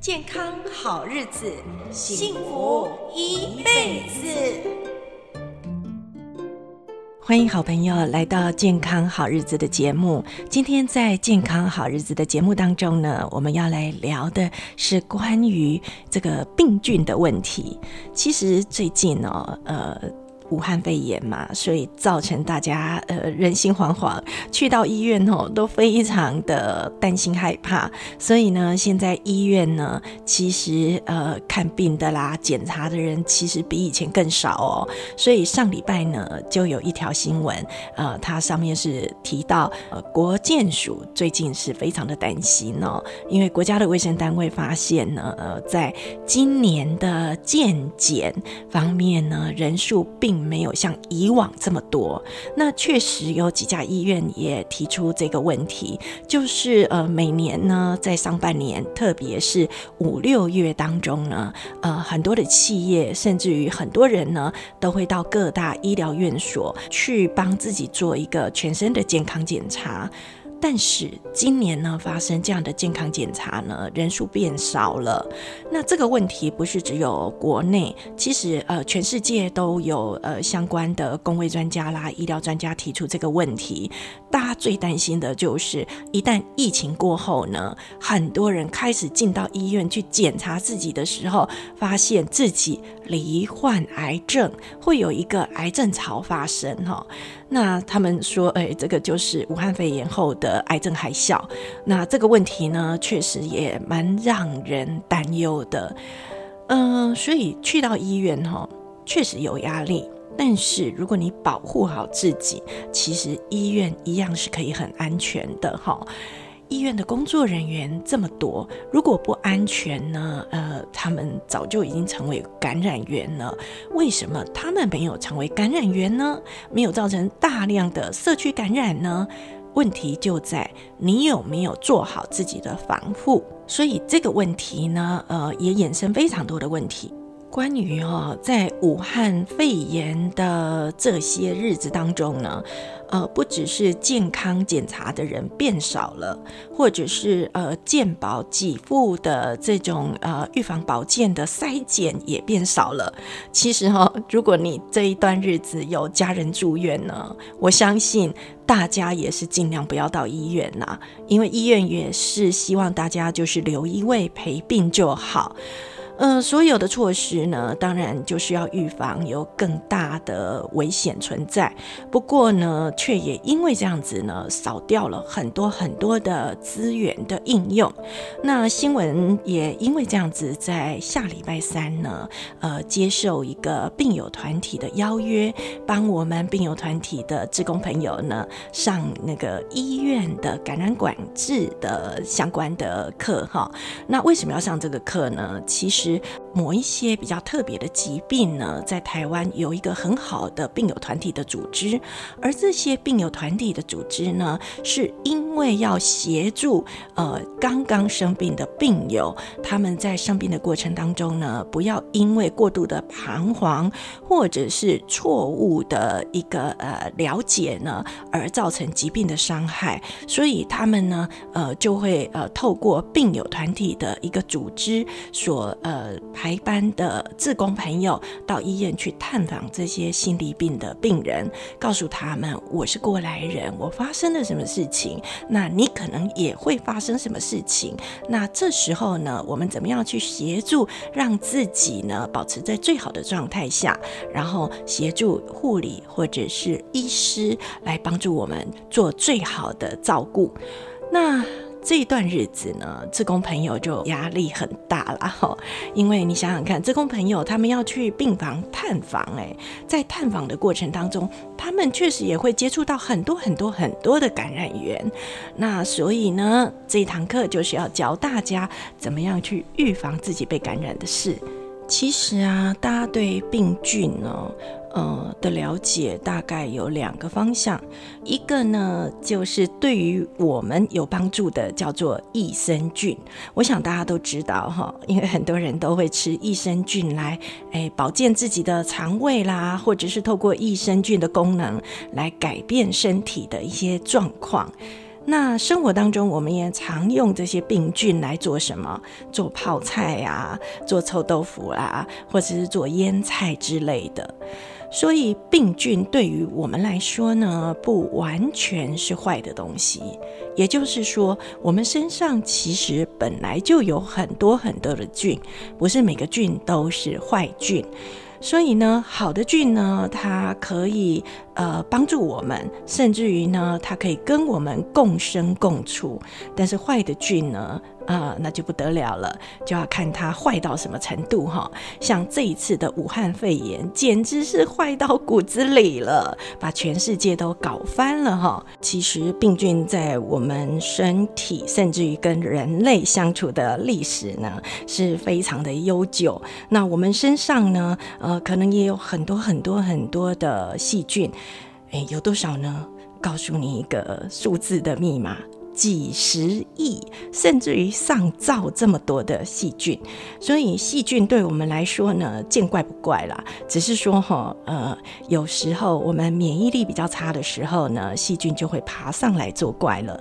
健康好日子，幸福一輩子。歡迎好朋友來到《健康好日子》的節目。今天在《健康好日子》的節目當中呢，我們要來聊的是關於這個病菌的問題。其實最近呢，呃。武漢肺炎嘛，所以造成大家呃人心惶惶，去到醫院哦、喔、都非常的擔心害怕，所以呢，現在醫院呢其實呃看病的啦、檢查的人其實比以前更少哦、喔，所以上禮拜呢就有一條新聞，呃，它上面是提到呃國健署最近是非常的擔心哦、喔，因為國家的衛生單位發現呢，呃、在今年的健檢方面呢人數並。沒有像以往這麼多，那確實有幾家醫院也提出這個問題，就是呃，每年呢在上半年，特別是五六月當中呢，呃，很多的企業甚至於很多人呢，都會到各大醫療院所去幫自己做一個全身的健康檢查。但是今年呢，發生這樣的健康檢查呢，人數變少了。那這個問題不是只有國內，其實呃，全世界都有呃相關的公衛專家啦、醫療專家提出這個問題。大家最擔心的就是，一旦疫情過後呢，很多人開始進到醫院去檢查自己的時候，發現自己罹患癌症，會有一個癌症潮發生哈、喔。那他們說，哎、欸，這個就是武漢肺炎後的。呃，癌症海嘯，那這個問題呢，確實也蠻讓人擔憂的。嗯、呃，所以去到醫院哈、哦，確實有壓力。但是如果你保護好自己，其實醫院一樣是可以很安全的、哦。哈，醫院的工作人員這麼多，如果不安全呢？呃，他們早就已經成為感染源了。為什麼他們沒有成為感染源呢？沒有造成大量的社區感染呢？問題就在你有沒有做好自己的防護，所以這個問題呢，呃，也衍生非常多的問題。關於哦，在武漢肺炎的這些日子當中呢，呃，不只是健康檢查的人變少了，或者是呃，健保給付的這種呃預防保健的篩檢也變少了。其實哈、哦，如果你這一段日子有家人住院呢，我相信大家也是盡量不要到醫院吶、啊，因為醫院也是希望大家就是留一位陪病就好。呃，所有的措施呢，當然就是要預防有更大的危險存在。不過呢，卻也因為這樣子呢，少掉了很多很多的資源的應用。那新聞也因為這樣子，在下禮拜三呢，呃，接受一個病友團體的邀約，幫我們病友團體的志工朋友呢，上那個醫院的感染管制的相關的課哈。那為什麼要上這個課呢？其實。某一些比較特別的疾病呢，在台灣有一個很好的病友團體的組織，而這些病友團體的組織呢，是因為要協助呃剛剛生病的病友，他們在生病的過程當中呢，不要因為過度的彷徨或者是錯誤的一個呃了解呢，而造成疾病的傷害，所以他們呢，呃，就會呃透過病友團體的一個組織所呃。呃，排班的志工朋友到醫院去探訪這些心理病的病人，告訴他們我是過來人，我發生了什麼事情，那你可能也會發生什麼事情。那這時候呢，我們怎麼樣去協助，讓自己呢保持在最好的狀態下，然後協助護理或者是醫師來幫助我們做最好的照顧。那。這一段日子呢，志工朋友就壓力很大了哈、喔，因為你想想看，志工朋友他們要去病房探訪，哎，在探訪的過程當中，他們確實也會接觸到很多很多很多的感染源，那所以呢，這一堂課就是要教大家怎麼樣去預防自己被感染的事。其實啊，大家對病菌呢、哦，呃的了解大概有兩個方向，一個呢就是對於我們有幫助的叫做益生菌，我想大家都知道哈，因為很多人都會吃益生菌來、哎，保健自己的腸胃啦，或者是透過益生菌的功能來改變身體的一些狀況。那生活當中，我們也常用這些病菌來做什麼？做泡菜啊，做臭豆腐啊，或者是做醃菜之類的。所以，病菌對於我們來說呢，不完全是壞的東西。也就是說，我們身上其實本來就有很多很多的菌，不是每個菌都是壞菌。所以呢，好的菌呢，它可以呃幫助我們，甚至於呢，它可以跟我們共生共處。但是壞的菌呢？啊、嗯，那就不得了了，就要看它壞到什麼程度哈、哦。像這一次的武漢肺炎，簡直是壞到骨子裡了，把全世界都搞翻了哈、哦。其實病菌在我們身體，甚至於跟人類相處的歷史呢，是非常的悠久。那我們身上呢，呃，可能也有很多很多很多的細菌，誒、欸，有多少呢？告訴你一個數字的密碼。幾十億，甚至於上兆這麼多的細菌，所以細菌對我們來說呢，見怪不怪啦，只是說哈、哦，呃，有時候我們免疫力比較差的時候呢，細菌就會爬上來作怪了。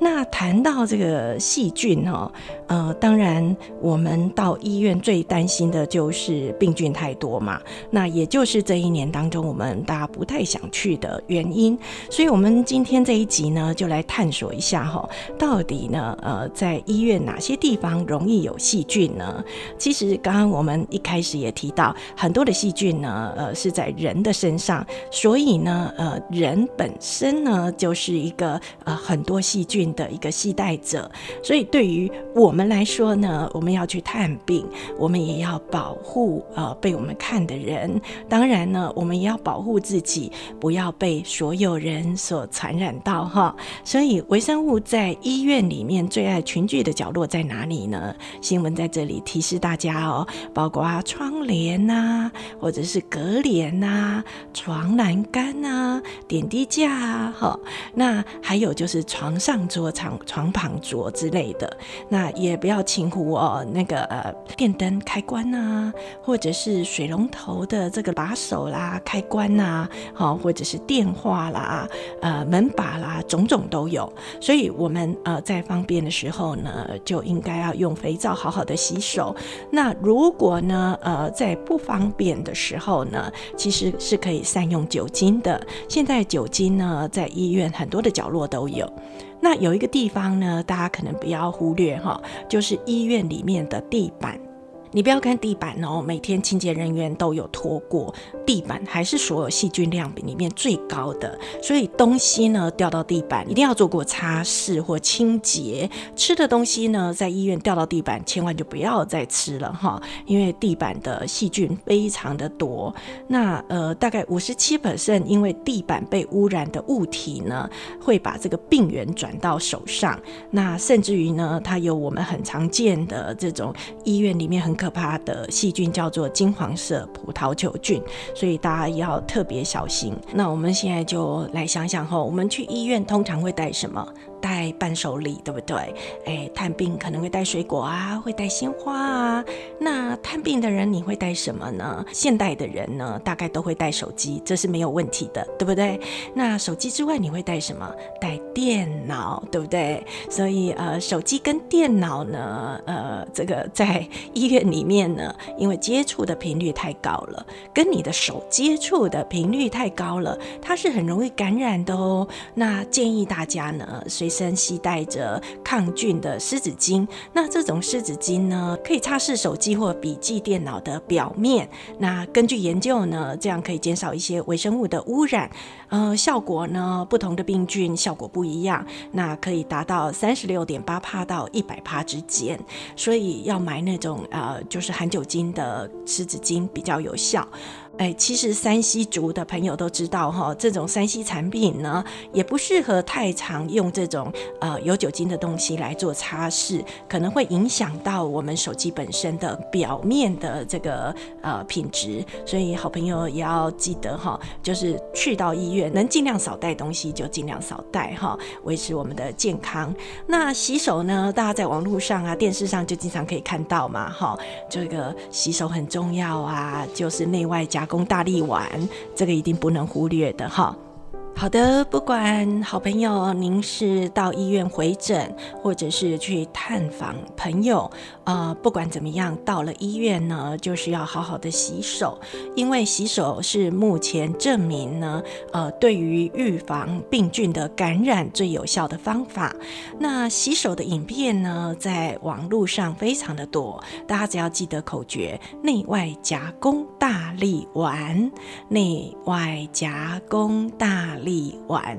那談到這個細菌哈、哦，呃，當然我們到醫院最擔心的就是病菌太多嘛。那也就是這一年當中我們大家不太想去的原因。所以，我們今天這一集呢，就來探索一下哈。到底呢，呃，在醫院哪些地方容易有細菌呢？其實剛剛我們一開始也提到，很多的細菌呢，呃，是在人的身上，所以呢，呃，人本身呢，就是一個呃很多細菌的一個攜帶者。所以對於我們來說呢，我們要去探病，我們也要保護呃被我們看的人。當然呢，我們也要保護自己，不要被所有人所傳染到哈。所以微生物。在醫院裡面最愛群聚的角落在哪裡呢？新聞在這裡提示大家哦、喔，包括窗簾吶、啊，或者是隔簾吶、啊、床欄杆吶、啊、點滴架啊，好、喔，那還有就是床上桌、床床旁桌之類的，那也不要輕忽哦、喔，那個呃電燈開關吶、啊，或者是水龍頭的這個把手啦、開關吶、啊，好、喔，或者是電話啦、呃門把啦，種種都有，所以。我們呃在方便的時候呢，就應該要用肥皂好好的洗手。那如果呢呃在不方便的時候呢，其實是可以善用酒精的。現在酒精呢在醫院很多的角落都有。那有一個地方呢，大家可能不要忽略哈，就是醫院裡面的地板。你不要看地板哦，每天清潔人員都有拖過地板，還是所有細菌量比裡面最高的。所以東西呢掉到地板，一定要做過擦拭或清潔。吃的東西呢，在醫院掉到地板，千萬就不要再吃了哈，因為地板的細菌非常的多。那呃，大概五十七%因為地板被汙染的物體呢，會把這個病原轉到手上。那甚至於呢，它有我們很常見的這種醫院裡面很可怕的細菌叫做金黃色葡萄球菌，所以大家要特別小心。那我們現在就來想想，吼，我們去醫院通常會帶什麼？帶伴手禮，對不對？哎，探病可能會帶水果啊，會帶鮮花啊。那探病的人你會帶什麼呢？現代的人呢，大概都會帶手機，這是沒有問題的，對不對？那手機之外你會帶什麼？帶電腦，對不對？所以呃，手機跟電腦呢，呃，這個在醫院裡面呢，因為接觸的頻率太高了，跟你的手接觸的頻率太高了，它是很容易感染的哦。那建議大家呢，身攜帶着抗菌的濕紙巾，那這種濕紙巾呢，可以擦拭手機或筆記電腦的表面。那根據研究呢，這樣可以減少一些微生物的污染。呃，效果呢，不同的病菌效果不一樣，那可以達到三十六點八%到一百%之間。所以要買那種呃，就是含酒精的濕紙巾比較有效。哎、欸，其實 3C 族的朋友都知道哈，這種 3C 產品呢，也不適合太常用這種呃有酒精的東西來做擦拭，可能會影響到我們手機本身的表面的這個呃品質。所以好朋友也要記得哈，就是去到醫院，能盡量少帶東西就盡量少帶哈，維持我們的健康。那洗手呢，大家在網絡上啊、電視上就經常可以看到嘛，哈，這個洗手很重要啊，就是內外夾。攻大力丸，這個一定不能忽略的哈。好的，不管好朋友，您是到醫院回診，或者是去探訪朋友。呃，不管怎麼樣，到了醫院呢，就是要好好的洗手，因為洗手是目前證明呢，呃，對於預防病菌的感染最有效的方法。那洗手的影片呢，在網絡上非常的多，大家只要記得口訣：內外夾弓大立腕，內外夾弓大立腕。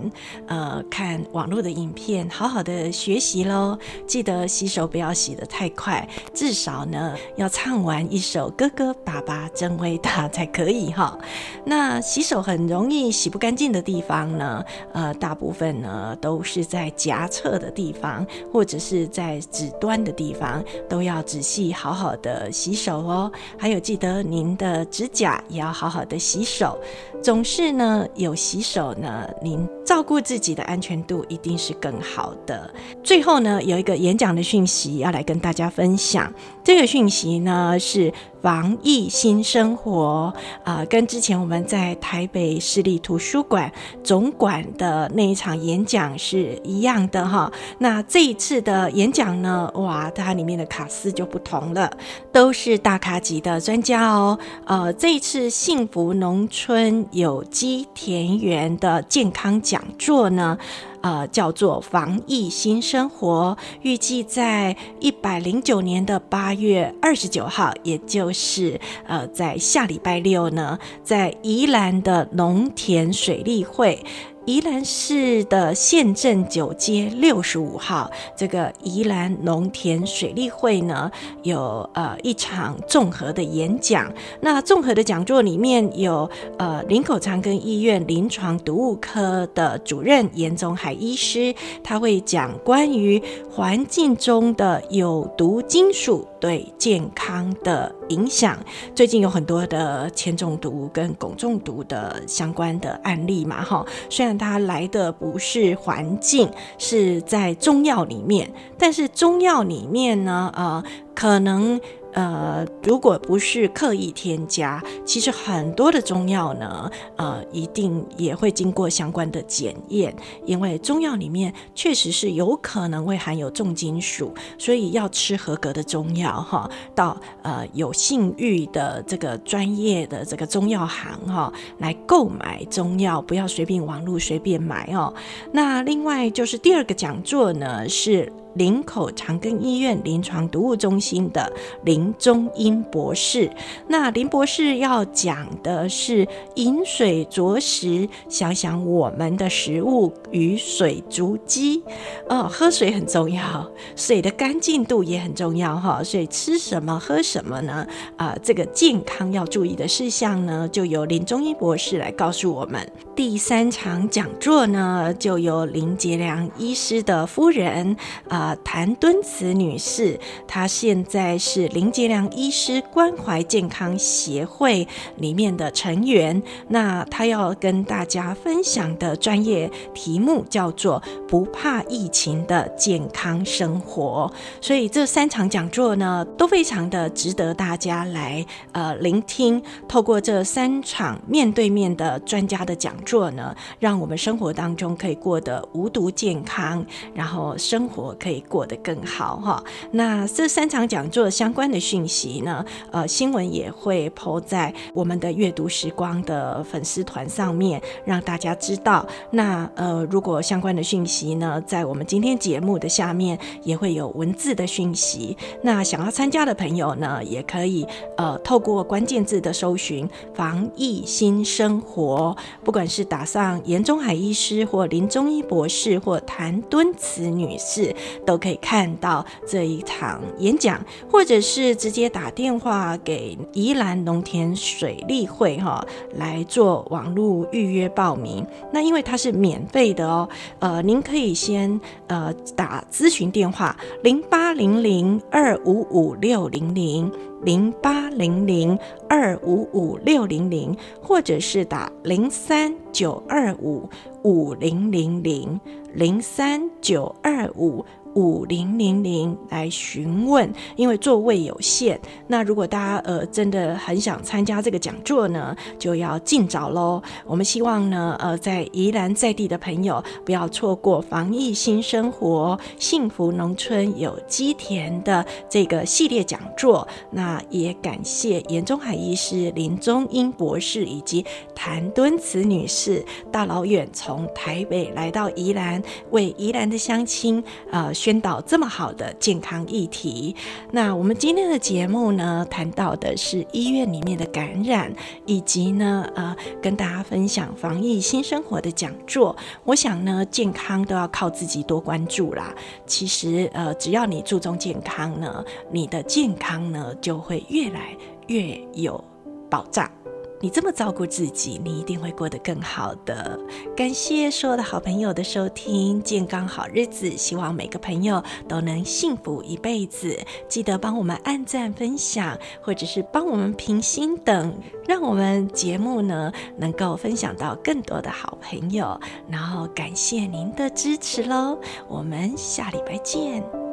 呃，看網絡的影片，好好的學習嘍。記得洗手，不要洗得太快。至少呢，要唱完一首《哥哥爸爸真偉大》才可以哈。那洗手很容易洗不乾淨的地方呢？呃，大部分呢都是在頰側的地方，或者是在指端的地方，都要仔細好好的洗手哦。還有，記得您的指甲也要好好的洗手。總是呢，有洗手呢，您照顧自己的安全度一定是更好的。最後呢，有一個演講的訊息要來跟大家分享。這個訊息呢，是防疫新生活啊，呃，跟之前我們在台北市立圖書館總館的那一場演講是一樣的哈。那這一次的演講呢，哇，它裡面的卡司就不同了，都是大咖級的專家哦。呃，這一次幸福農村有機田園的健康講座呢，呃，叫做防疫新生活，預計在一百零九年的八月二十九號，也就是呃，在下禮拜六呢，在宜蘭的農田水利會。宜蘭市的縣政九街六十五號，這個宜蘭農田水利會呢，有呃一場綜合的演講。那綜合的講座裡面有呃林口長庚醫院臨床毒物科的主任顏宗海醫師，他會講關於環境中的有毒金屬對健康的影響。最近有很多的鉛中毒跟汞中毒的相關的案例嘛，哈，雖然。它來的不是環境，是在中藥裡面。但是中藥裡面呢，呃，可能。呃，如果不是刻意添加，其實很多的中藥呢，呃，一定也會經過相關的檢驗，因為中藥裡面確實是有可能會含有重金屬，所以要吃合格的中藥哈，到呃有信譽的這個專業的這個中藥行哈來購買中藥，不要隨便網絡隨便買哦。那另外就是第二個講座呢是。林口長庚醫院臨床毒物中心的林中英博士，那林博士要講的是飲水、啄食，想想我們的食物與水足跡。呃、哦，喝水很重要，水的乾淨度也很重要哈。所以吃什麼喝什麼呢？啊、呃，這個健康要注意的事項呢，就由林中英博士來告訴我們。第三場講座呢，就由林杰樑醫師的夫人啊。呃呃、譚敦慈女士，她現在是林杰樑醫師關懷健康協會裡面的成員。那她要跟大家分享的專業題目叫做“不怕疫情的健康生活”。所以這三場講座呢，都非常的值得大家來呃聆聽。透過這三場面對面的專家的講座呢，讓我們生活當中可以過得無毒健康，然後生活可以。會過得更好哈。那這三場講座相關的訊息呢，呃，新聞也會 po 在我們的閱讀時光的粉絲團上面，讓大家知道。那呃，如果相關的訊息呢，在我們今天節目的下面也會有文字的訊息。那想要參加的朋友呢，也可以呃，透過關鍵字的搜尋“防疫新生活”，不管是打上顏宗海醫師或林中英博士或譚敦慈女士。都可以看到這一場演講，或者是直接打電話給宜蘭農田水利會哈、哦，來做網絡預約報名。那因為它是免費的哦，呃，您可以先呃打諮詢電話零八零零二五五六零零零八零零二五五六零零，600, 600，或者是打零三九二五五零零零零三九二五，五零零零來詢問，因為座位有限。那如果大家呃真的很想參加這個講座呢，就要盡早嘍。我們希望呢呃在宜蘭在地的朋友不要錯過防疫新生活、幸福農村有機田的這個系列講座。那也感謝顏宗海醫師、林中英博士以及譚敦慈女士，大老遠從台北來到宜蘭，為宜蘭的鄉親呃宣導這麼好的健康議題，那我們今天的節目呢，談到的是醫院裡面的感染，以及呢，呃，跟大家分享防疫新生活的講座。我想呢，健康都要靠自己多關注啦。其實，呃，只要你注重健康呢，你的健康呢，就會越來越有保障。你這麼照顧自己，你一定會過得更好的。感謝所有的好朋友的收聽，健康好日子，希望每個朋友都能幸福一輩子。記得幫我們按贊、分享，或者是幫我們評星等，讓我們節目呢能夠分享到更多的好朋友。然後感謝您的支持嘍，我們下禮拜見。